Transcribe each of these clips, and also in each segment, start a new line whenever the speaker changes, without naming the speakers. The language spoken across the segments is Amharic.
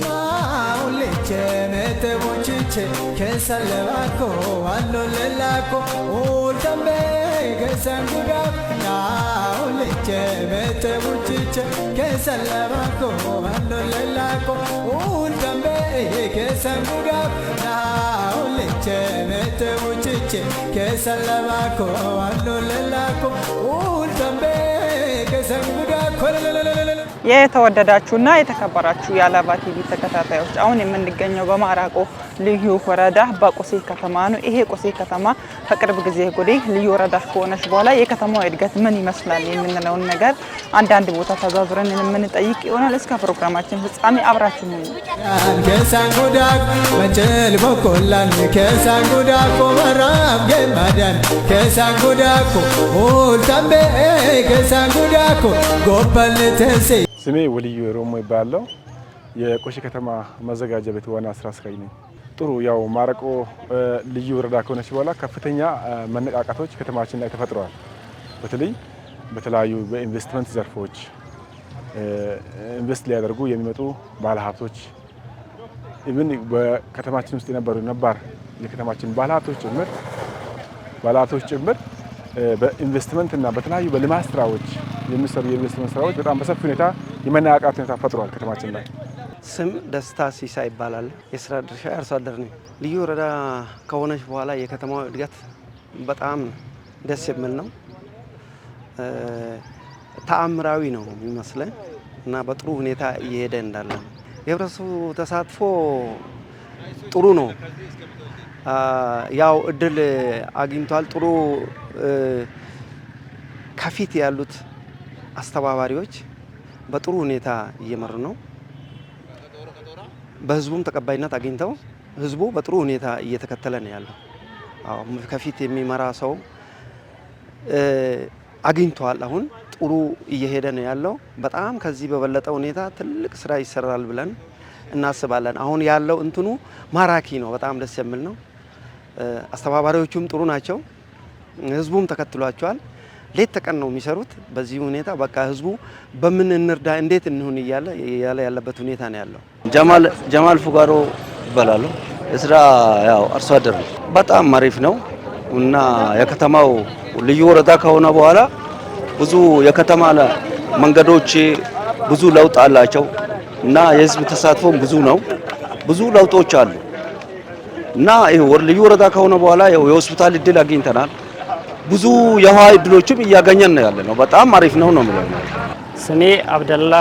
ma uliche mete bochiche che salvaco allo lelaco ultambe che sanguga ma uliche mete bochiche che salvaco allo lelaco ultambe che sanguga ma uliche mete bochiche che salvaco allo lelaco ultambe che sanguga የተወደዳችሁና የተከበራችሁ የአላባ ቲቪ ተከታታዮች አሁን የምንገኘው በማራቆ ልዩ ወረዳ በቆሴ ከተማ ነው። ይሄ ቆሴ ከተማ ከቅርብ ጊዜ ጉዴ ልዩ ወረዳ ከሆነች በኋላ የከተማው እድገት ምን ይመስላል የምንለውን ነገር አንዳንድ ቦታ ተዛዙረን የምንጠይቅ ይሆናል። እስከ ፕሮግራማችን ፍጻሜ አብራችሁ ነው። ኬሳን
ስሜ ወልዩ ሮሞ ይባላለው። የቆሼ ከተማ መዘጋጃ ቤት ዋና ስራ አስኪያጅ ነኝ። ጥሩ ያው ማረቆ ልዩ ወረዳ ከሆነች በኋላ ከፍተኛ መነቃቃቶች ከተማችን ላይ ተፈጥረዋል። በተለይ በተለያዩ በኢንቨስትመንት ዘርፎች ኢንቨስት ሊያደርጉ የሚመጡ ባለሀብቶች ኢቭን በከተማችን ውስጥ የነበሩ ነባር የከተማችን ባለሀብቶች ጭምር ባለሀብቶች ጭምር በኢንቨስትመንት እና በተለያዩ በልማት ስራዎች የሚሰሩ የኢንቨስትመንት ስራዎች በጣም በሰፊ ሁኔታ የመነቃቃት ሁኔታ ፈጥሯል ከተማችን ላይ።
ስም ደስታ ሲሳ ይባላል። የስራ ድርሻ አርሶ አደር ነኝ። ልዩ ወረዳ ከሆነች በኋላ የከተማው እድገት በጣም ደስ የሚል ነው። ተአምራዊ ነው የሚመስለን እና በጥሩ ሁኔታ እየሄደ እንዳለ የህብረተሰቡ ተሳትፎ ጥሩ ነው። ያው እድል አግኝቷል። ጥሩ ከፊት ያሉት አስተባባሪዎች በጥሩ ሁኔታ እየመሩ ነው። በህዝቡም ተቀባይነት አግኝተው ህዝቡ በጥሩ ሁኔታ እየተከተለ ነው ያለው። ከፊት የሚመራ ሰው አግኝቷል። አሁን ጥሩ እየሄደ ነው ያለው። በጣም ከዚህ በበለጠ ሁኔታ ትልቅ ስራ ይሰራል ብለን እናስባለን። አሁን ያለው እንትኑ ማራኪ ነው፣ በጣም ደስ የሚል ነው። አስተባባሪዎቹም ጥሩ ናቸው። ህዝቡም ተከትሏቸዋል። ሌት ተቀን ነው የሚሰሩት። በዚህ ሁኔታ በቃ ህዝቡ በምን እንርዳ እንዴት እንሁን እያለ ያለ ያለበት ሁኔታ ነው ያለው። ጀማል ፉጋሮ ይባላሉ። የስራ ያው አርሶ አደር ነው። በጣም አሪፍ ነው እና የከተማው ልዩ ወረዳ ከሆነ በኋላ ብዙ የከተማ መንገዶች ብዙ ለውጥ አላቸው እና የህዝብ ተሳትፎም ብዙ ነው። ብዙ ለውጦች አሉ እና ልዩ ወረዳ ከሆነ በኋላ የሆስፒታል እድል አግኝተናል። ብዙ የውሃ እድሎችም እያገኘን ነው ያለ ነው። በጣም አሪፍ ነው ነው የሚለው።
ስሜ አብደላ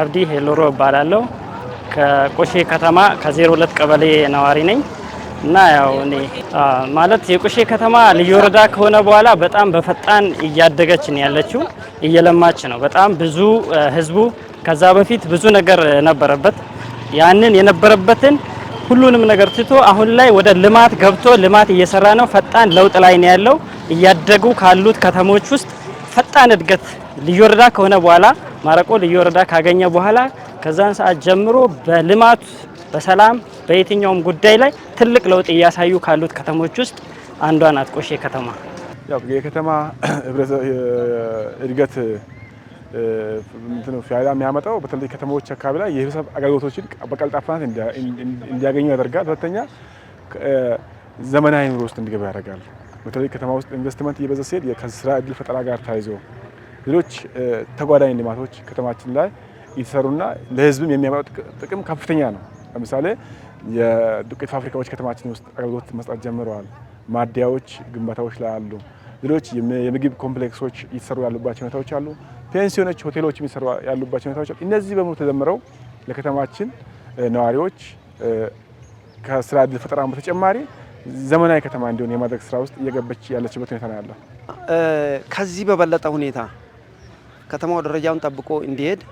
አብዲ ሄሎሮ እባላለሁ። ከቆሼ ከተማ ከ02 ቀበሌ ነዋሪ ነኝ እና ያው እኔ ማለት የቆሼ ከተማ ልዩ ወረዳ ከሆነ በኋላ በጣም በፈጣን እያደገች ነው ያለችው፣ እየለማች ነው። በጣም ብዙ ህዝቡ ከዛ በፊት ብዙ ነገር ነበረበት። ያንን የነበረበትን ሁሉንም ነገር ትቶ አሁን ላይ ወደ ልማት ገብቶ ልማት እየሰራ ነው። ፈጣን ለውጥ ላይ ነው ያለው። እያደጉ ካሉት ከተሞች ውስጥ ፈጣን እድገት ልዩ ወረዳ ከሆነ በኋላ ማረቆ ልዩ ወረዳ ካገኘ በኋላ ከዛን ሰዓት ጀምሮ በልማት በሰላም በየትኛውም ጉዳይ ላይ ትልቅ ለውጥ እያሳዩ ካሉት ከተሞች ውስጥ አንዷ ናት ቆሼ ከተማ።
ያው የከተማ እድገት ፋይዳ የሚያመጣው በተለይ ከተሞች አካባቢ ላይ የህብረተሰብ አገልግሎቶችን በቀልጣፋነት እንዲያገኙ ያደርጋል። ሁለተኛ ዘመናዊ ኑሮ ውስጥ እንዲገባ ያደርጋል። በተለይ ከተማ ውስጥ ኢንቨስትመንት እየበዛ ሲሄድ ከስራ እድል ፈጠራ ጋር ታይዞ ሌሎች ተጓዳኝ ልማቶች ከተማችን ላይ እየተሰሩና ለህዝብም የሚያመጡ ጥቅም ከፍተኛ ነው። ለምሳሌ የዱቄት ፋብሪካዎች ከተማችን ውስጥ አገልግሎት መስጠት ጀምረዋል። ማደያዎች ግንባታዎች ላይ አሉ። ሌሎች የምግብ ኮምፕሌክሶች እየተሰሩ ያሉባቸው ሁኔታዎች አሉ። ፔንሲዮኖች፣ ሆቴሎች የሚሰሩ ያሉባቸው ሁኔታዎች አሉ። እነዚህ በሙሉ ተደምረው ለከተማችን ነዋሪዎች ከስራ እድል ፈጠራ በተጨማሪ ዘመናዊ ከተማ እንዲሆን የማድረግ ስራ ውስጥ እየገበች ያለችበት ሁኔታ ነው ያለው።
ከዚህ በበለጠ ሁኔታ ከተማው ደረጃውን ጠብቆ እንዲሄድ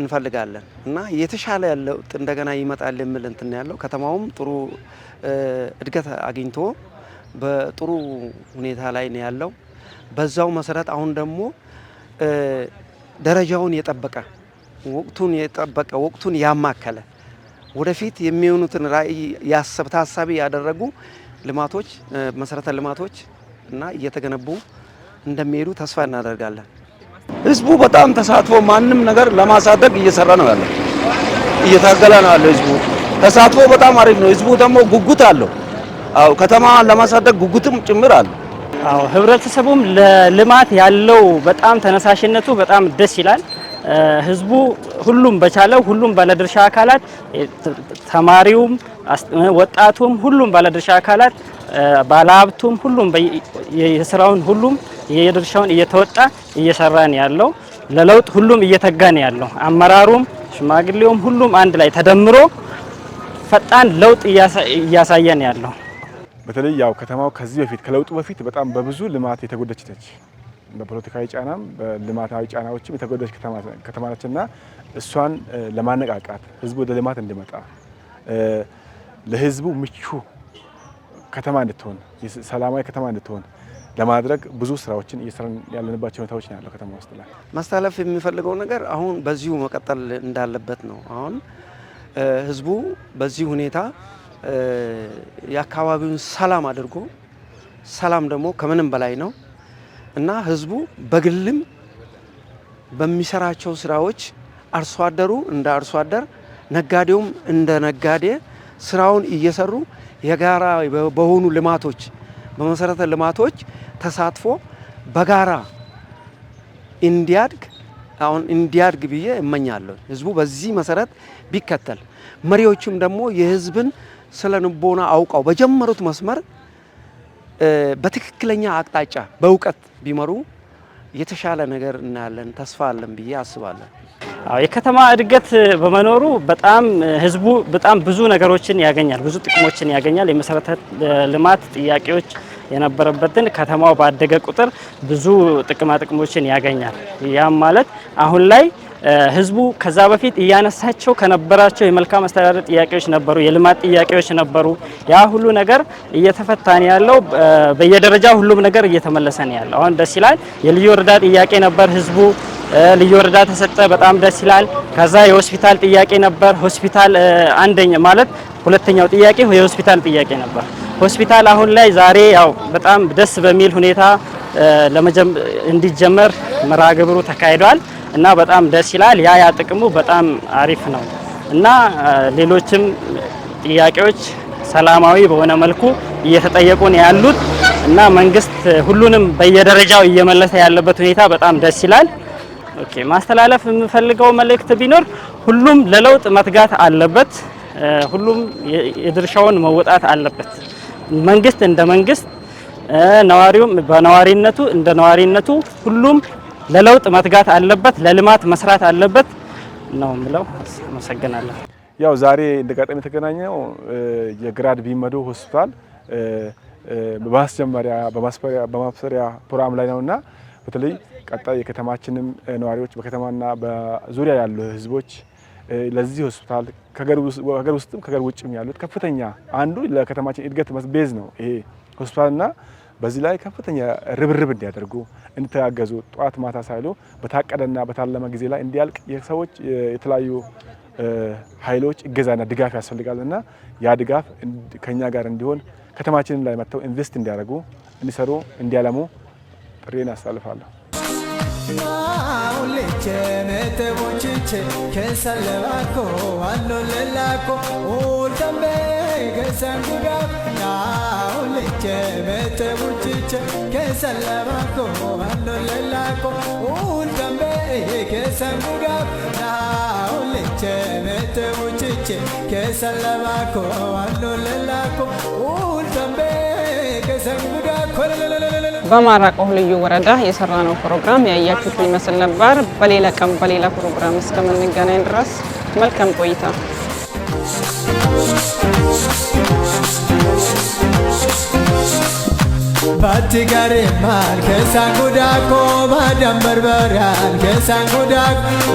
እንፈልጋለን እና የተሻለ ለውጥ እንደገና ይመጣል የሚል እንትን ያለው ከተማውም ጥሩ እድገት አግኝቶ በጥሩ ሁኔታ ላይ ነው ያለው። በዛው መሰረት አሁን ደግሞ ደረጃውን የጠበቀ ወቅቱን የጠበቀ ወቅቱን ያማከለ ወደፊት የሚሆኑትን ራዕይ ታሳቢ ያደረጉ ልማቶች መሰረተ ልማቶች እና እየተገነቡ እንደሚሄዱ ተስፋ እናደርጋለን። ህዝቡ በጣም ተሳትፎ ማንም ነገር ለማሳደግ እየሰራ ነው ያለው፣ እየታገለ ነው ያለው። ህዝቡ ተሳትፎ በጣም አሪፍ ነው። ህዝቡ ደግሞ ጉጉት አለው። አዎ ከተማ ለማሳደግ ጉጉትም ጭምር አለው።
አዎ ህብረተሰቡም ለልማት ያለው በጣም ተነሳሽነቱ በጣም ደስ ይላል። ህዝቡ ሁሉም በቻለው ሁሉም ባለድርሻ አካላት ተማሪውም፣ ወጣቱም፣ ሁሉም ባለድርሻ አካላት ባለሀብቱም፣ ሁሉም የስራውን ሁሉም የድርሻውን እየተወጣ እየሰራን ያለው ለለውጥ ሁሉም እየተጋን ያለው አመራሩም፣ ሽማግሌውም ሁሉም አንድ ላይ ተደምሮ ፈጣን ለውጥ እያሳየን ያለው
በተለይ ያው ከተማው ከዚህ በፊት ከለውጡ በፊት በጣም በብዙ ልማት የተጎደች ነች። በፖለቲካዊ ጫናም በልማታዊ ጫናዎችም የተጎዳች ከተማ ነችና እሷን ለማነቃቃት ህዝቡ ወደ ልማት እንዲመጣ ለህዝቡ ምቹ ከተማ እንድትሆን ሰላማዊ ከተማ እንድትሆን ለማድረግ ብዙ ስራዎችን እየሰራን ያለንባቸው ሁኔታዎች ነው ያለው። ከተማ ውስጥ ላይ
ማስተላለፍ የሚፈልገው ነገር አሁን በዚሁ መቀጠል እንዳለበት ነው። አሁን ህዝቡ በዚህ ሁኔታ የአካባቢውን ሰላም አድርጎ ሰላም ደግሞ ከምንም በላይ ነው። እና ህዝቡ በግልም በሚሰራቸው ስራዎች አርሶ አደሩ እንደ አርሶ አደር፣ ነጋዴውም እንደ ነጋዴ ስራውን እየሰሩ የጋራ በሆኑ ልማቶች በመሰረተ ልማቶች ተሳትፎ በጋራ እንዲያድግ አሁን እንዲያድግ ብዬ እመኛለሁ። ህዝቡ በዚህ መሰረት ቢከተል፣ መሪዎቹም ደግሞ የህዝብን ስለ ንቦና አውቀው በጀመሩት መስመር በትክክለኛ አቅጣጫ በእውቀት ቢመሩ የተሻለ ነገር እናያለን፣ ተስፋ አለን ብዬ አስባለን።
የከተማ እድገት በመኖሩ በጣም ህዝቡ በጣም ብዙ ነገሮችን ያገኛል፣ ብዙ ጥቅሞችን ያገኛል። የመሰረተ ልማት ጥያቄዎች የነበረበትን ከተማው ባደገ ቁጥር ብዙ ጥቅማ ጥቅሞችን ያገኛል። ያም ማለት አሁን ላይ ህዝቡ ከዛ በፊት እያነሳቸው ከነበራቸው የመልካም አስተዳደር ጥያቄዎች ነበሩ፣ የልማት ጥያቄዎች ነበሩ። ያ ሁሉ ነገር እየተፈታን ያለው። በየደረጃ ሁሉም ነገር እየተመለሰ ነው ያለው። አሁን ደስ ይላል። የልዩ ወረዳ ጥያቄ ነበር ህዝቡ ልዩ ወረዳ ተሰጠ። በጣም ደስ ይላል። ከዛ የሆስፒታል ጥያቄ ነበር። ሆስፒታል አንደኛ ማለት ሁለተኛው ጥያቄ የሆስፒታል ጥያቄ ነበር። ሆስፒታል አሁን ላይ ዛሬ ያው በጣም ደስ በሚል ሁኔታ እንዲጀመር መርሃ ግብሩ ተካሂዷል። እና በጣም ደስ ይላል። ያ ያ ጥቅሙ በጣም አሪፍ ነው እና ሌሎችም ጥያቄዎች ሰላማዊ በሆነ መልኩ እየተጠየቁ ነው ያሉት እና መንግስት ሁሉንም በየደረጃው እየመለሰ ያለበት ሁኔታ በጣም ደስ ይላል። ኦኬ ማስተላለፍ የምፈልገው መልእክት ቢኖር ሁሉም ለለውጥ መትጋት አለበት። ሁሉም የድርሻውን መወጣት አለበት። መንግስት እንደ መንግስት፣ ነዋሪውም በነዋሪነቱ እንደ ነዋሪነቱ ሁሉም ለለውጥ መትጋት አለበት፣ ለልማት መስራት አለበት ነው ብለው
አመሰግናለሁ። ያው ዛሬ እንደጋጣሚ የተገናኘው የግራድ ቢመዶ ሆስፒታል በማስጀመሪያ በማብሰሪያ ፕሮግራም ላይ ነው ነውና በተለይ ቀጣይ የከተማችንም ነዋሪዎች በከተማና በዙሪያ ያሉ ህዝቦች ለዚህ ሆስፒታል ከሀገር ውስጥም ከገር ውጭም ያሉት ከፍተኛ አንዱ ለከተማችን እድገት ቤዝ ነው ይሄ ሆስፒታልና በዚህ ላይ ከፍተኛ ርብርብ እንዲያደርጉ እንዲተጋገዙ፣ ጠዋት ማታ ሳይሉ በታቀደና በታለመ ጊዜ ላይ እንዲያልቅ የሰዎች የተለያዩ ኃይሎች እገዛና ድጋፍ ያስፈልጋል እና ያ ድጋፍ ከኛ ጋር እንዲሆን ከተማችንን ላይ መጥተው ኢንቨስት እንዲያደርጉ፣ እንዲሰሩ፣ እንዲያለሙ ጥሬን አሳልፋለሁ። ቸነተቦችቼ ከሰለባኮ አሎ ለላኮ ኦልተንቤ ገሰን ጉዳፍ ናውልቼ ከሰለባኮ
ገሰን ጉዳፍ ከሰለባኮ ገሰን ጉዳፍ በማራቆህ ልዩ ወረዳ የሰራነው ፕሮግራም ያያችሁት ይመስል ነበር። በሌላ ቀን በሌላ ፕሮግራም እስከምንገናኝ ድረስ መልካም ቆይታ። ባትቀርም አልከሳን ጉዳኮ ባዳም በርበሬ አልከሳን ጉዳኮ